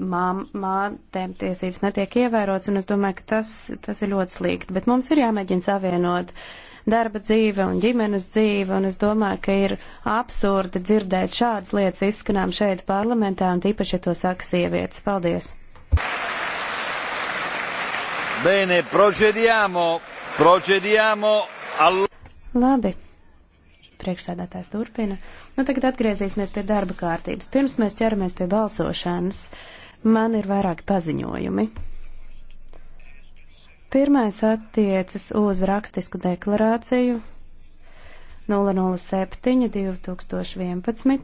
mātēm tiesības netiek ievērots, un es domāju, ka tas, tas ir ļoti slikti. Bet mums ir jāmēģina savienot darba dzīve un ģimenes dzīve, un es domāju, ka ir absurdi dzirdēt šādas lietas izskanām šeit parlamentā, un tīpaši, ja to saka sievietes. Paldies! Bene, procediamo, procediamo all... Labi priekšsēdētājs turpina. Nu, tagad atgriezīsimies pie darba kārtības. Pirms mēs ķeramies pie balsošanas. Uh, Man ir vairāki paziņojumi. Pirmais attiecas uz rakstisku deklarāciju 007 2011,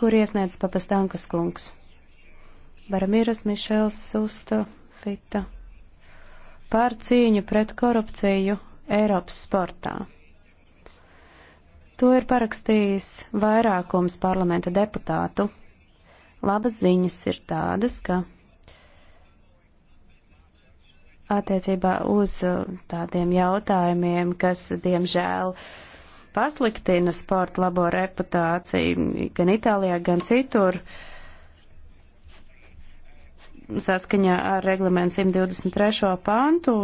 kur iesniedz papastankas kungs. Baramīras Mišels Susta Fita par cīņu pret korupciju Eiropas sportā. To ir parakstījis vairākums parlamenta deputātu. Labas ziņas ir tādas, ka attiecībā uz uh, tādiem jautājumiem, kas, diemžēl, pasliktina sporta labo reputāciju gan Itālijā, gan citur. Saskaņā ar reglamentu 123. pantu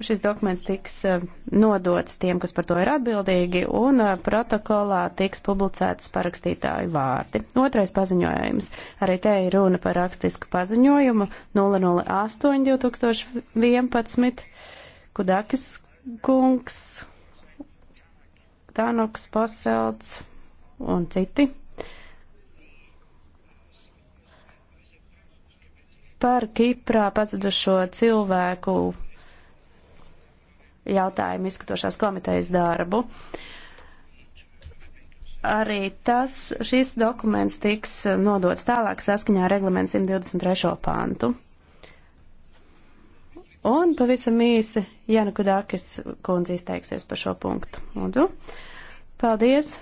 šis dokuments tiks eh, nodots tiem, kas par to ir atbildīgi, un eh, protokolā tiks publicēts parakstītāju vārdi. Otrais paziņojums. Arī te ir runa par rakstisku paziņojumu 008 2011, Kudakis kungs, Tanoks Paselts un citi. Par Kiprā pazudušo cilvēku jautājumu izskatošās komitejas darbu. Arī tas, šis dokuments tiks nodots tālāk saskaņā ar reglamentu 123. pantu. Un pavisam īsi Jana Kudākis kundze izteiksies par šo punktu. Lūdzu. Paldies!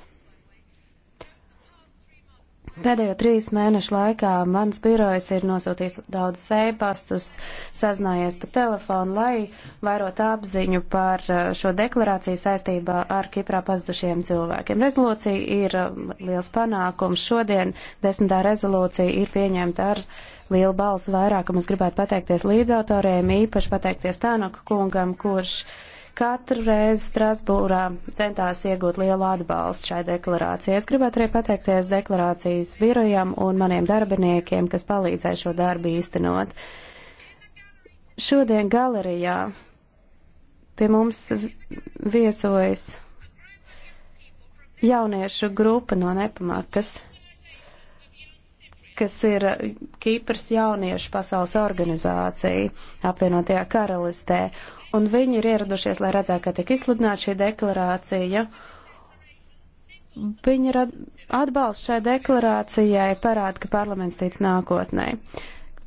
Pēdējo trīs mēnešu laikā mans birojs ir nosūtījis daudz sēpastus, sazinājies pa telefonu, lai vairot apziņu par uh, šo deklarāciju saistībā ar Kiprā pazudušiem cilvēkiem. Rezolūcija ir uh, liels panākums. Šodien desmitā rezolūcija ir pieņemta ar lielu balsu vairākumu. Es gribētu pateikties līdzautoriem, īpaši pateikties Tānoka kungam, kurš. Uh, katru reizi Strasbūrā centās iegūt lielu atbalstu šai deklarācijai. Es gribētu arī pateikties deklarācijas virojam un maniem darbiniekiem, kas palīdzēja šo darbu īstenot. Šodien galerijā pie mums viesojas jauniešu grupa no Nepamakas kas ir Kīpras jauniešu pasaules organizācija apvienotajā karalistē, un viņi ir ieradušies, lai redzētu, ka tiek izsludināta šī deklarācija. Viņa atbalsts šai deklarācijai parāda, ka parlaments tic nākotnē.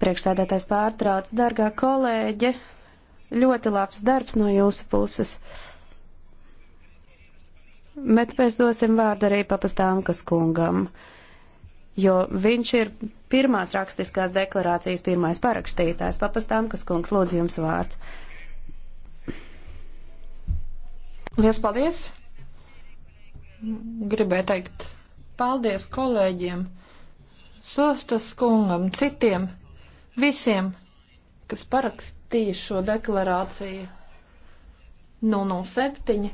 Priekšsēdētājs pārtrauc, dargā kolēģe, ļoti labs darbs no jūsu puses. Bet mēs dosim vārdu arī papastāmkas kungam, jo viņš ir pirmās rakstiskās deklarācijas pirmais parakstītājs. Papastāmkas kungs, lūdzu jums vārds. Liels paldies! Gribēju teikt paldies kolēģiem, Sostas kungam, citiem, visiem, kas parakstīja šo deklarāciju 007.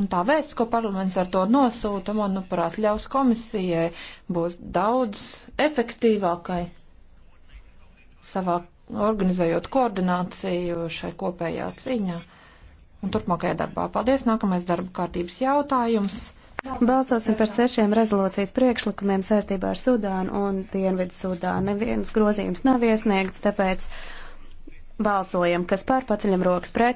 Un tā vēsts, ko parlaments ar to nosūta, manuprāt, ļaus komisijai būs daudz efektīvākai savā organizējot koordināciju šai kopējā cīņā un turpmākajā darbā. Paldies! Nākamais darba kārtības jautājums. Balsosim par sešiem rezolūcijas priekšlikumiem saistībā ar Sudānu un Dienvidu Sudānu. Neviens grozījums nav iesniegts, tāpēc balsojam, kas pārpaceļam rokas pret.